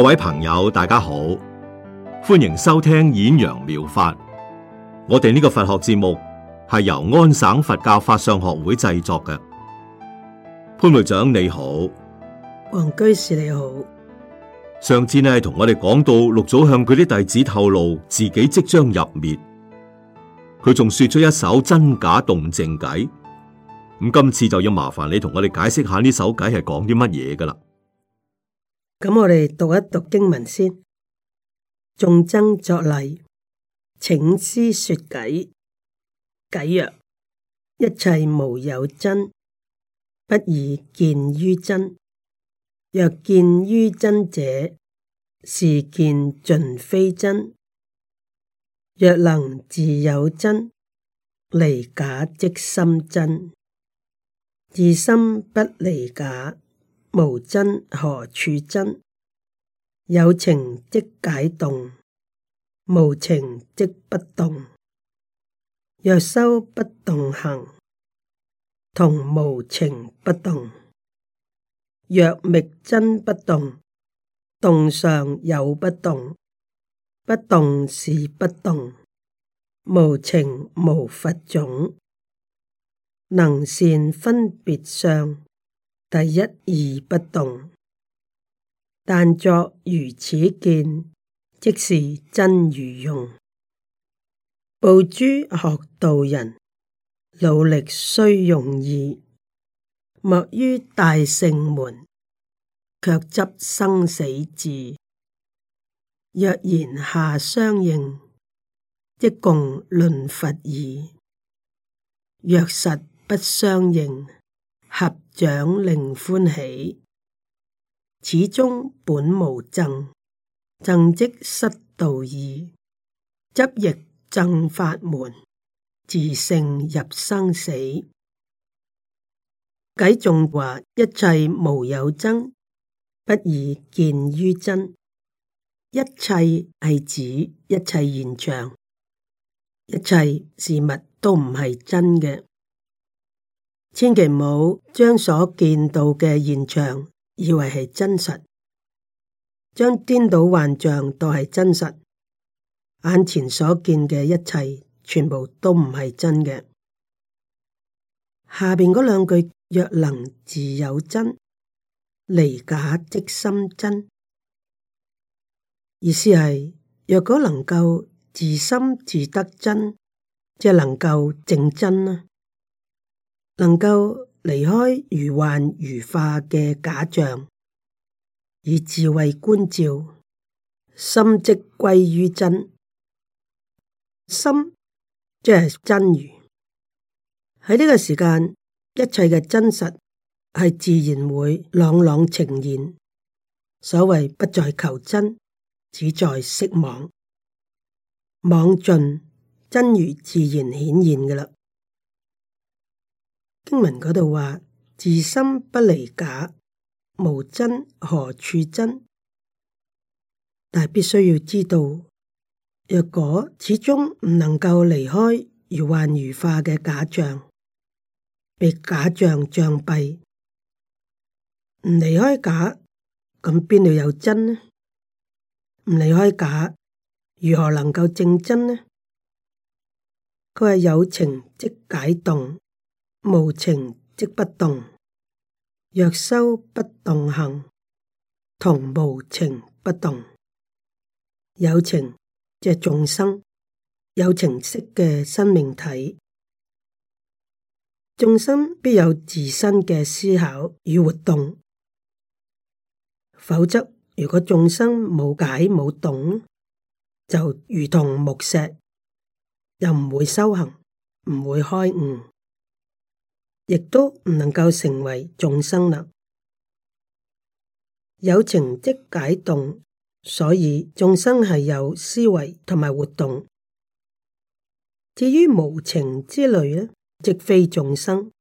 各位朋友，大家好，歡迎收聽演揚妙法。我哋呢個佛學節目係由安省佛教法相學會製作嘅。潘會長你好，黃居士你好。上次呢，同我哋講到六祖向佢啲弟子透露自己即將入滅，佢仲說出一首真假動靜偈。咁今次就要麻煩你同我哋解釋下呢首偈係講啲乜嘢噶啦。咁我哋讀一讀經文先，眾僧作禮，請師說偈偈曰：一切無有真，不以見於真。若見於真者，是見盡非真。若能自有真，離假即心真，自心不離假。無真何處真？有情即解動，無情即不動。若修不動行，同無情不動。若覓真不動，動上有不動，不動是不動。無情無佛種，能善分別相。第一義不動，但作如此見，即是真如用。報諸學道人，努力雖容易，莫於大聖門，却執生死字。若言下相應，即共論佛義；若實不相應，合。長令歡喜，始終本無諍，諍即失道義，執亦諍法門，自性入生死。偈仲話一切無有真，不以見於真，一切係指一切現象，一切事物都唔係真嘅。千祈唔好將所見到嘅現象，以為係真實，將顛倒幻象當係真實，眼前所見嘅一切全部都唔係真嘅。下邊嗰兩句若能自有真，離假即心真，意思係若果能夠自心自得真，即係能夠正真啦。能夠離開如幻如化嘅假象，以智慧觀照，心即歸於真，心即係真如。喺呢個時間，一切嘅真實係自然會朗朗呈現。所謂不在求真，只在息妄，妄盡真如自然顯現嘅啦。經文嗰度話：自心不離假，無真何處真？但係必須要知道，若果始終唔能夠離開如幻如化嘅假象，被假象障蔽，唔離開假，咁邊度有真呢？唔離開假，如何能夠證真呢？佢話有情即解凍。無情即不動，若修不動行，同無情不動。有情，即眾生，有情識嘅生命體，眾生必有自身嘅思考與活動。否則，如果眾生冇解冇懂，就如同木石，又唔會修行，唔會開悟。亦都唔能夠成為眾生啦。有情即解動，所以眾生係有思維同埋活動。至於無情之類咧，即非眾生，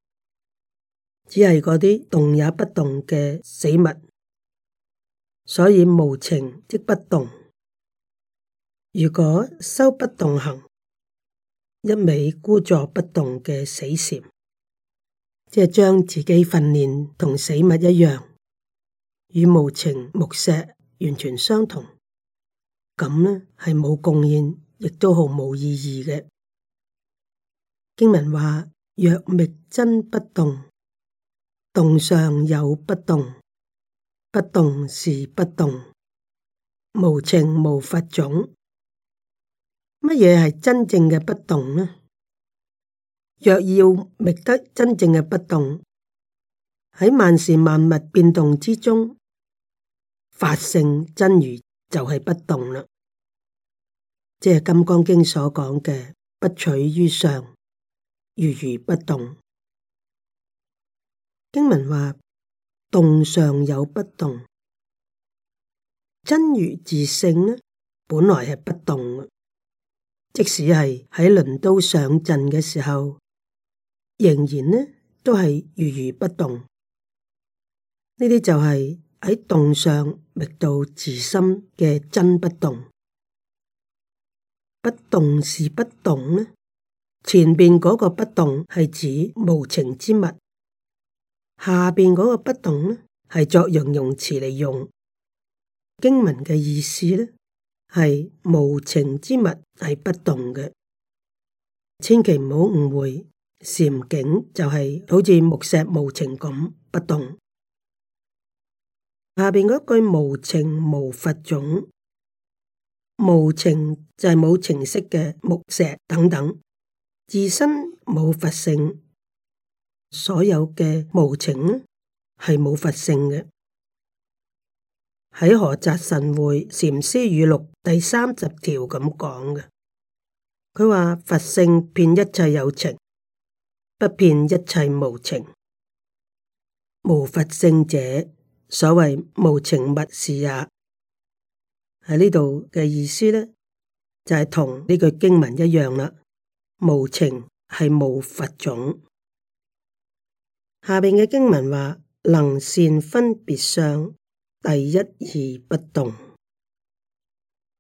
只係嗰啲動也不動嘅死物。所以無情即不動。如果修不動行，一味孤坐不動嘅死禪。即係將自己訓練同死物一樣，與無情木石完全相同，咁呢係冇貢獻，亦都毫無意義嘅。經文話：若覓真不動，動上有不動，不動是不動，無情無佛種。乜嘢係真正嘅不動呢？若要覓得真正嘅不動，喺萬事萬物變動之中，法性真如就係不動啦。即係金剛經所講嘅不取於相，如如不動。經文話動上有不動，真如自性呢，本來係不動嘅。即使係喺輪刀上陣嘅時候。仍然呢，都係如如不動。呢啲就係喺動上覓到自心嘅真不動。不動是不動呢？前邊嗰個不動係指無情之物，下邊嗰個不動呢係作形容詞嚟用。經文嘅意思呢係無情之物係不動嘅，千祈唔好誤會。禪境就係好似木石無情咁不動，下邊嗰句無情無佛種，無情就係冇情識嘅木石等等，自身冇佛性，所有嘅無情係冇佛性嘅。喺荷澤神會禪師語錄第三十條咁講嘅，佢話佛性遍一切有情。不遍一切無情、無佛性者，所謂無情物是也。喺呢度嘅意思咧，就係同呢句經文一樣啦。無情係無佛種。下邊嘅經文話：能善分別相，第一義而不動。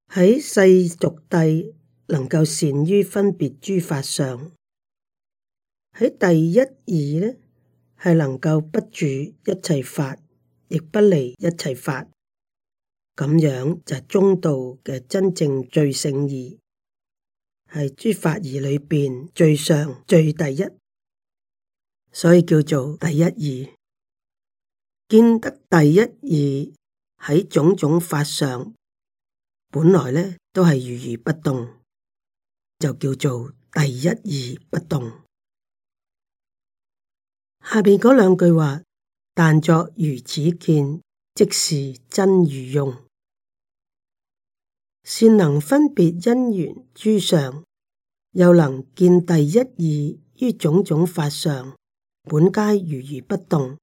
喺世俗諦能夠善於分別諸法相。喺第一義呢，係能夠不住一切法，亦不離一切法，咁樣就係中道嘅真正最勝義，係諸法義裏邊最上最第一，所以叫做第一義。見得第一義喺種種法上本來呢都係如如不動，就叫做第一義不動。下面嗰兩句話，但作如此見，即是真如用，善能分別因緣諸相，又能見第一義於種種法相，本皆如如不動，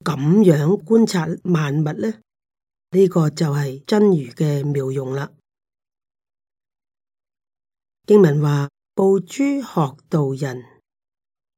咁樣觀察萬物呢？呢、呢個就係真如嘅妙用啦。經文話：報諸學道人。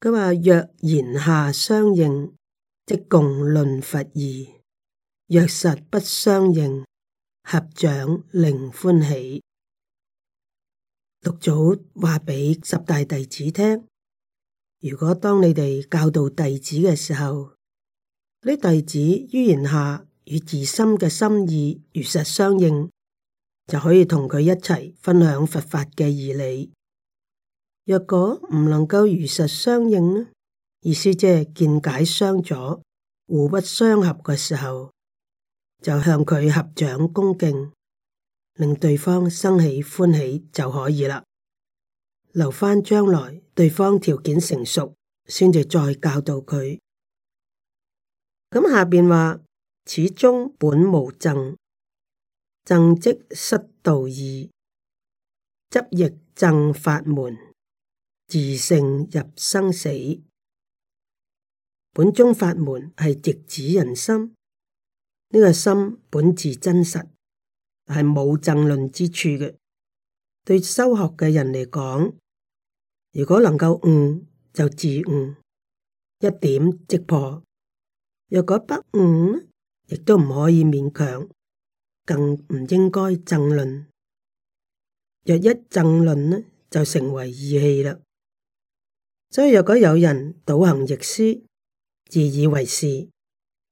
佢話：若言下相應，即共論佛義；若實不相應，合掌令歡喜。六祖話畀十大弟子聽：如果當你哋教導弟子嘅時候，呢弟子於言下與自心嘅心意如實相應，就可以同佢一齊分享佛法嘅義理。若果唔能夠如實相應呢，意思即係見解相左、互不相合嘅時候，就向佢合掌恭敬，令對方生起歡喜就可以啦。留翻將來對方條件成熟，先至再教導佢。咁下邊話：始終本無證，證即失道義，執亦證法門。自性入生死，本宗法門係直指人心。呢、這個心本自真實，係冇爭論之處嘅。對修學嘅人嚟講，如果能夠悟就自悟，一點即破。若果不悟，亦都唔可以勉強，更唔應該爭論。若一爭論呢，就成為義氣啦。所以若果有人倒行逆施，自以為是，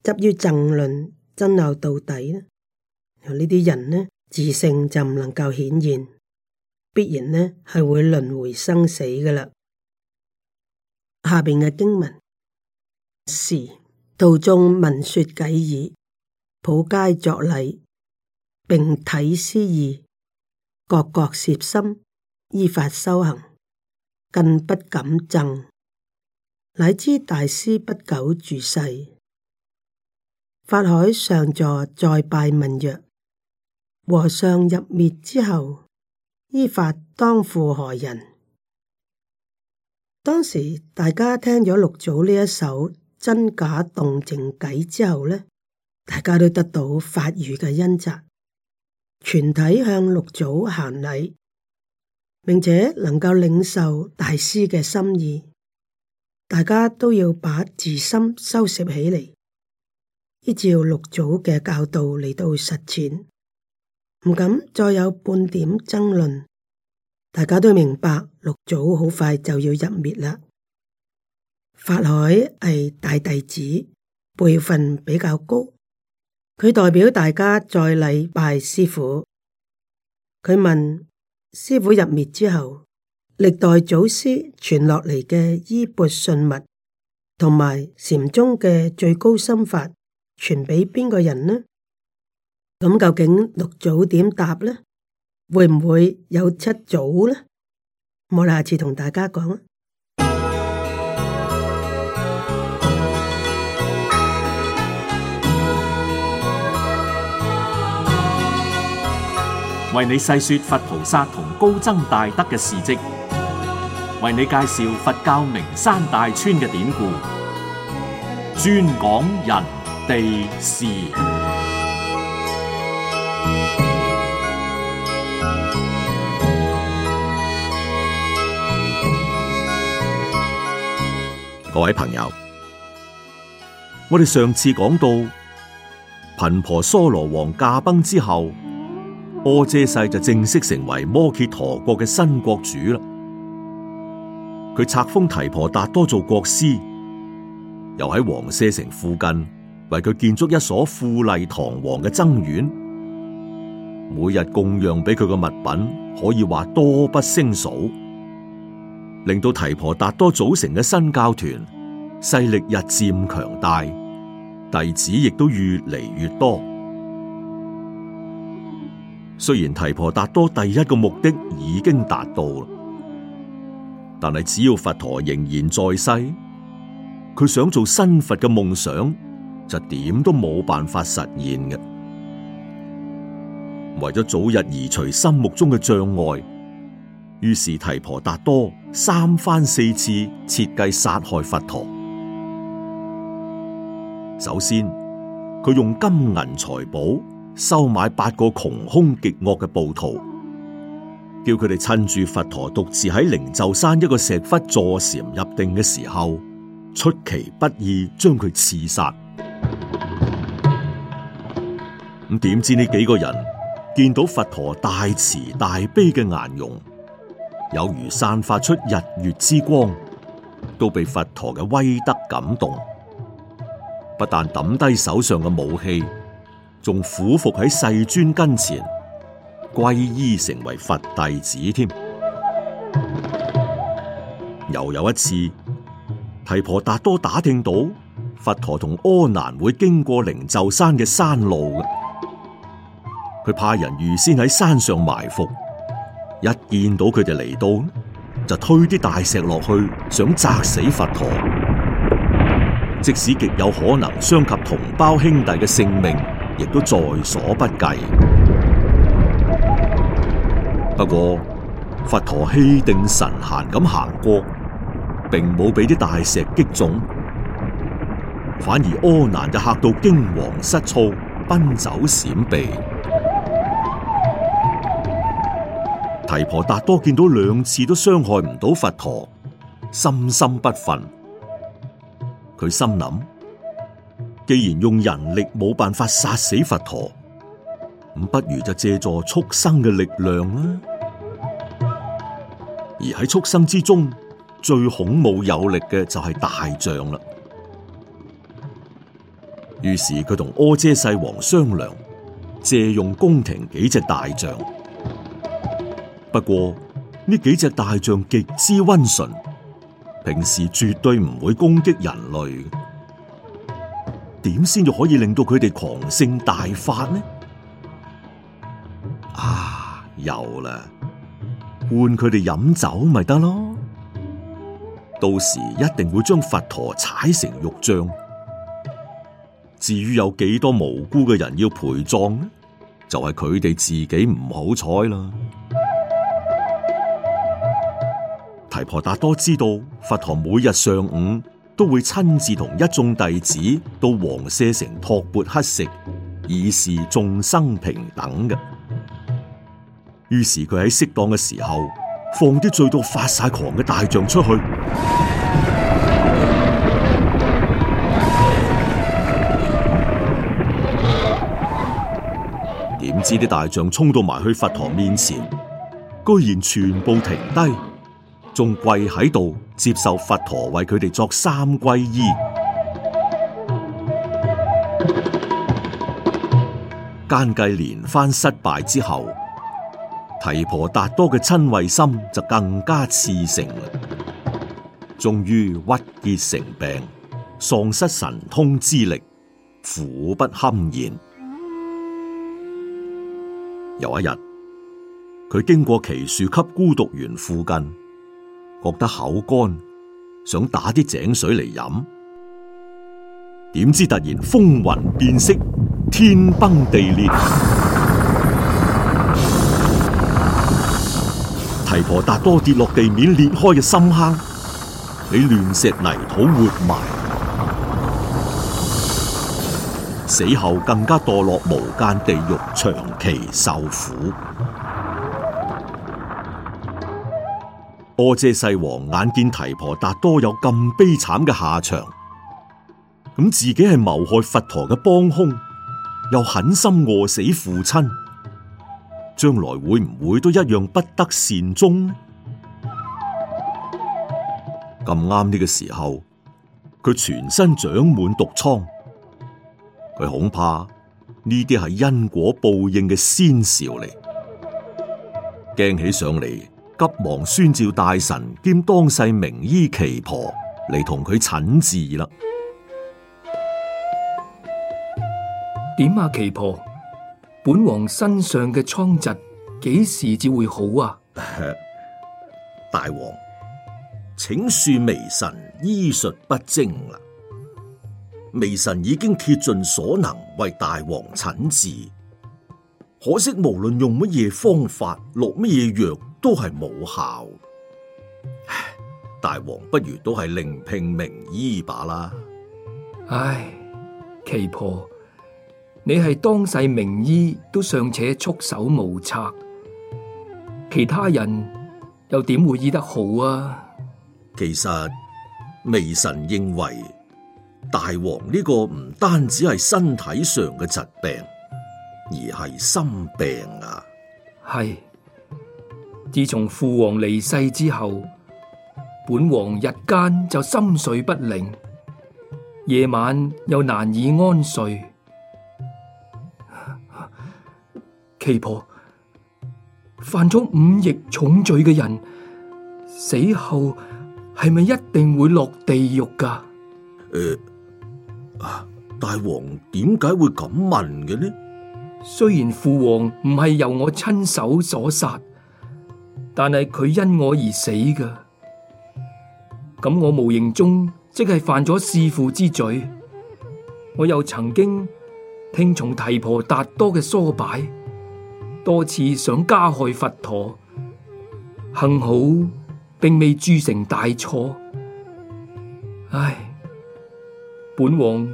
執於爭論，爭拗到底咧，呢啲人呢，自性就唔能夠顯現，必然呢，係會輪迴生死噶啦。下邊嘅經文時道眾聞說偈已，普皆作禮，並體師意，各各攝心，依法修行。更不敢諍。乃知大師不久住世，法海上座再拜問曰：和尚入滅之後，衣法當付何人？當時大家聽咗六祖呢一首真假動靜偈之後呢，大家都得到法語嘅恩澤，全體向六祖行禮。並且能夠領受大師嘅心意，大家都要把自心收拾起嚟，依照六祖嘅教導嚟到實踐，唔敢再有半點爭論。大家都明白六祖好快就要入滅啦。法海係大弟子，輩分比較高，佢代表大家在禮拜師父。佢問。師父入滅之後，歷代祖師傳落嚟嘅衣缽信物，同埋禪宗嘅最高心法，傳俾邊個人呢？咁究竟六祖點答呢？會唔會有七祖呢？我哋下次同大家講啊！為你細說佛菩薩。高僧大德嘅事跡，為你介紹佛教名山大川嘅典故，專講人地事。各位朋友，我哋上次講到，頻婆娑羅王駕崩之後。阿闍世就正式成為摩揭陀國嘅新國主啦。佢冊封提婆達多做國師，又喺王舍城附近為佢建築一所富麗堂皇嘅僧院，每日供養俾佢嘅物品可以話多不勝數，令到提婆達多組成嘅新教團勢力日漸強大，弟子亦都越嚟越多。雖然提婆達多第一個目的已經達到啦，但係只要佛陀仍然在世，佢想做新佛嘅夢想就點都冇辦法實現嘅。為咗早日移除心目中嘅障礙，於是提婆達多三番四次設計殺害佛陀。首先，佢用金銀財寶。收買八個窮凶極惡嘅暴徒，叫佢哋趁住佛陀獨自喺靈鷲山一個石窟坐禪入定嘅時候，出其不意將佢刺殺。咁點知呢幾個人見到佛陀大慈大悲嘅顏容，有如散發出日月之光，都被佛陀嘅威德感動，不但抌低手上嘅武器。仲俯伏喺世尊跟前，皈依成為佛弟子添。又有一次，提婆達多打聽到佛陀同阿難會經過靈鷲山嘅山路，佢派人預先喺山上埋伏，一見到佢哋嚟到，就推啲大石落去，想砸死佛陀。即使極有可能傷及同胞兄弟嘅性命。亦都在所不計。不過，佛陀氣定神閒咁行過，並冇俾啲大石擊中，反而阿難就吓到驚惶失措，奔走閃避。提婆達多見到兩次都傷害唔到佛陀，心心不忿，佢心諗。既然用人力冇辦法殺死佛陀，不如就借助畜生嘅力量啦。而喺畜生之中，最孔武有力嘅就係大象啦。於是佢同阿闍世王商量，借用宮廷幾隻大象。不過呢幾隻大象極之溫順，平時絕對唔會攻擊人類。點先至可以令到佢哋狂性大發呢？啊，有啦，換佢哋飲酒咪得咯，到時一定會將佛陀踩成肉醬。至於有幾多無辜嘅人要陪葬呢？就係佢哋自己唔好彩啦。提婆達多知道，佛陀每日上午，都會親自同一眾弟子到王舍城托鉢乞食，以示眾生平等嘅。於是佢喺適當嘅時候放啲醉到發晒狂嘅大象出去，點知啲大象衝到埋去佛陀面前，居然全部停低。仲跪喺度接受佛陀為佢哋作三皈依。間計 連番失敗之後，提婆達多嘅嗔恚心就更加熾盛啦。終於鬱結成病，喪失神通之力，苦不堪言。 有一日，佢經過祇樹給孤獨園附近。覺得口乾，想打啲井水嚟飲，點知突然風雲變色，天崩地裂，提婆達多跌落地面裂開嘅深坑，俾亂石泥土活埋，死後更加墮落無間地獄，長期受苦。阿闍世王眼見提婆達多有咁悲慘嘅下場，咁自己係謀害佛陀嘅幫兇，又狠心餓死父親，將來會唔會都一樣不得善終呢？咁啱呢個時候，佢全身長滿毒瘡，佢恐怕呢啲係因果報應嘅先兆嚟，驚起上嚟。急忙宣召大臣兼當世名醫奇婆嚟同佢診治啦。點啊，奇婆，本王身上嘅瘡疾幾時至會好啊？大王，請恕微臣醫術不精啦。微臣已經竭盡所能為大王診治，可惜無論用乜嘢方法，落乜嘢藥。都係冇效，唉大王不如都係另聘名醫罷啦。唉，奇婆，你係當世名醫，都尚且束手無策，其他人又點會醫得好啊？其實微臣認為，大王呢個唔單止係身體上嘅疾病，而係心病啊。係。自從父王離世之後，本王日間就心緒不寧，夜晚又難以安睡。 耆婆，犯咗五逆重罪嘅人死後係咪一定會落地獄噶？誒、呃，大王點解會咁問嘅呢？雖然父王唔係由我親手所殺。但係佢因我而死㗎，咁我無形中即係犯咗弒父之罪。我又曾經聽從提婆達多嘅唆擺，多次想加害佛陀，幸好並未鑄成大錯。唉，本王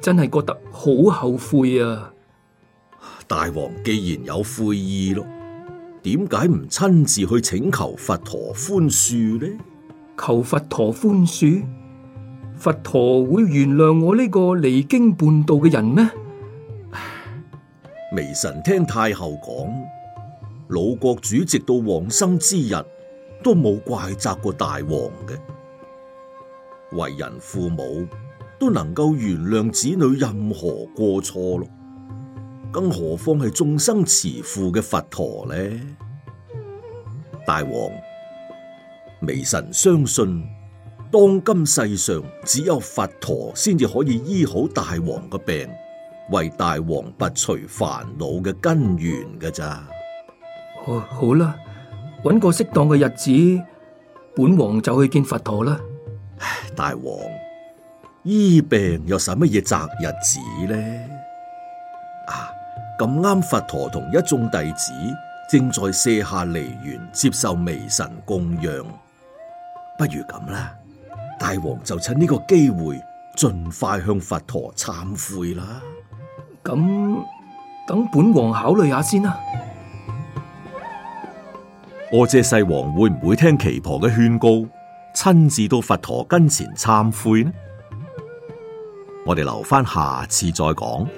真係覺得好後悔啊！大王既然有悔意咯。點解唔親自去請求佛陀寬恕呢？求佛陀寬恕，佛陀會原諒我呢個離經叛道嘅人咩？ 微臣聽太后講，老國主直到往生之日都冇怪責過大王嘅，為人父母都能夠原諒子女任何過錯咯。更何況係眾生慈父嘅佛陀呢？大王，微臣相信，當今世上只有佛陀先至可以醫好大王嘅病，為大王拔除煩惱嘅根源嘅咋。哦，好啦，揾個適當嘅日子，本王就去見佛陀啦。大王，醫病又使乜嘢擇日子呢？啊！.咁啱，剛剛佛陀同一眾弟子正在卸下離園接受微神供養，不如咁啦，大王就趁呢個機會，盡快向佛陀懺悔啦。咁等本王考慮下先啦。阿闍世王會唔會聽耆婆嘅勸告，親自到佛陀跟前懺悔呢？我哋留翻下，下次再講。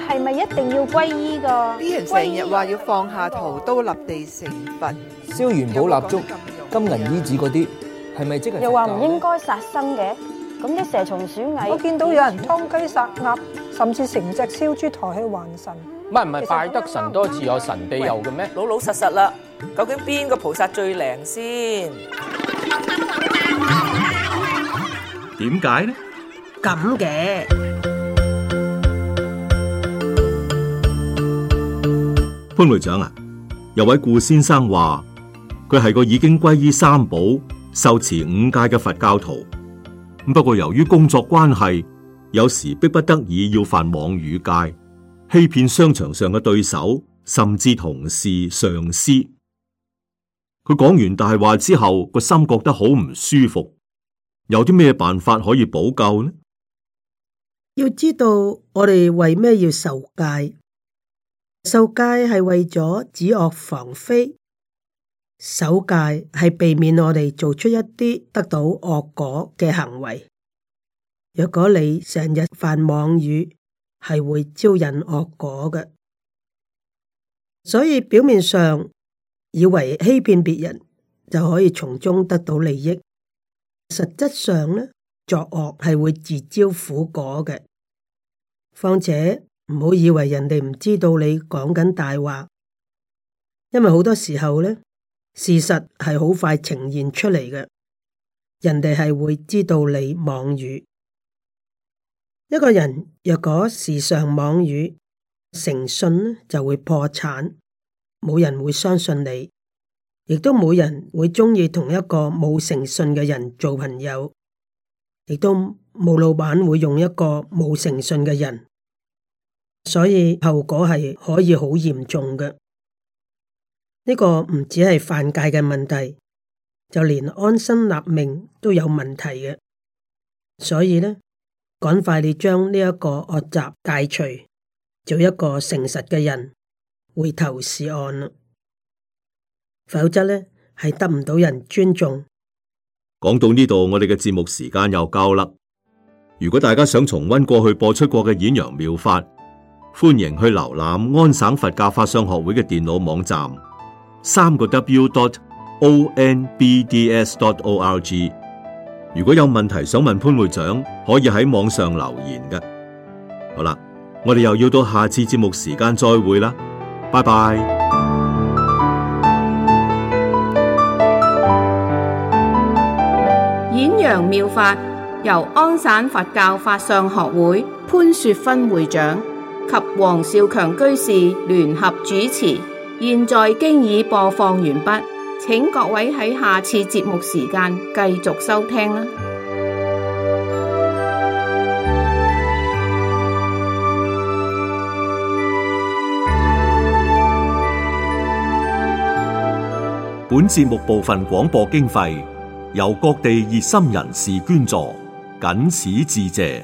係咪一定要皈依個？啲人成日話要放下屠刀，立地成佛，燒元寶蠟燭、金銀衣紙嗰啲，係咪即係？又話唔應該殺生嘅，咁啲蛇蟲鼠蟻，我見到有人劏雞殺鴨，甚至成隻燒豬抬去還神。唔係唔係，拜得神多自有神庇佑嘅咩？老老實實啦，究竟邊個菩薩最靈先？點解呢？咁嘅。關會長啊，有位顧先生話佢係個已經歸依三寶、受持五戒嘅佛教徒，不過由於工作關係，有時迫不得已要犯妄語戒、欺騙商場上嘅對手，甚至同事上司。佢講完大話之後，個心覺得好唔舒服，有啲咩辦法可以補救呢？要知道我哋為咩要受戒？受戒係為咗止惡防非，守戒係避免我哋做出一啲得到惡果嘅行為。若果你成日犯妄語，係會招引惡果嘅。所以表面上以為欺騙別人就可以從中得到利益，實質上呢，作惡係會自招苦果嘅，況且。唔好以為人哋唔知道你講緊大話，因為好多時候呢，事實係好快呈現出嚟嘅，人哋係會知道你妄語。一個人若果時常妄語，誠信就會破產，冇人會相信你，亦都冇人會鍾意同一個冇誠信嘅人做朋友，亦都冇老闆會用一個冇誠信嘅人。所以後果係可以好嚴重嘅，呢個唔止係犯戒嘅問題，就連安身立命都有問題嘅。所以咧，趕快你將呢一個惡習戒除，做一個誠實嘅人，回頭是岸啦。否則咧，係得唔到人尊重。講到呢度，我哋嘅節目時間又夠啦。如果大家想重溫過去播出過嘅演陽妙法。歡迎去瀏覽安省佛教法相學會嘅電腦網站，三個 w.dot.o.n.b.d.s.dot.o.r.g。如果有問題想問潘會長，可以喺網上留言嘅。好啦，我哋又要到下次節目時間再會啦，拜拜。演揚妙法由安省佛教法相學會潘雪芬會長。及黃少強居士聯合主持，現在經已播放完畢，請各位喺下次節目時間繼續收聽啦。本節目部分廣播經費由各地熱心人士捐助，謹此致謝。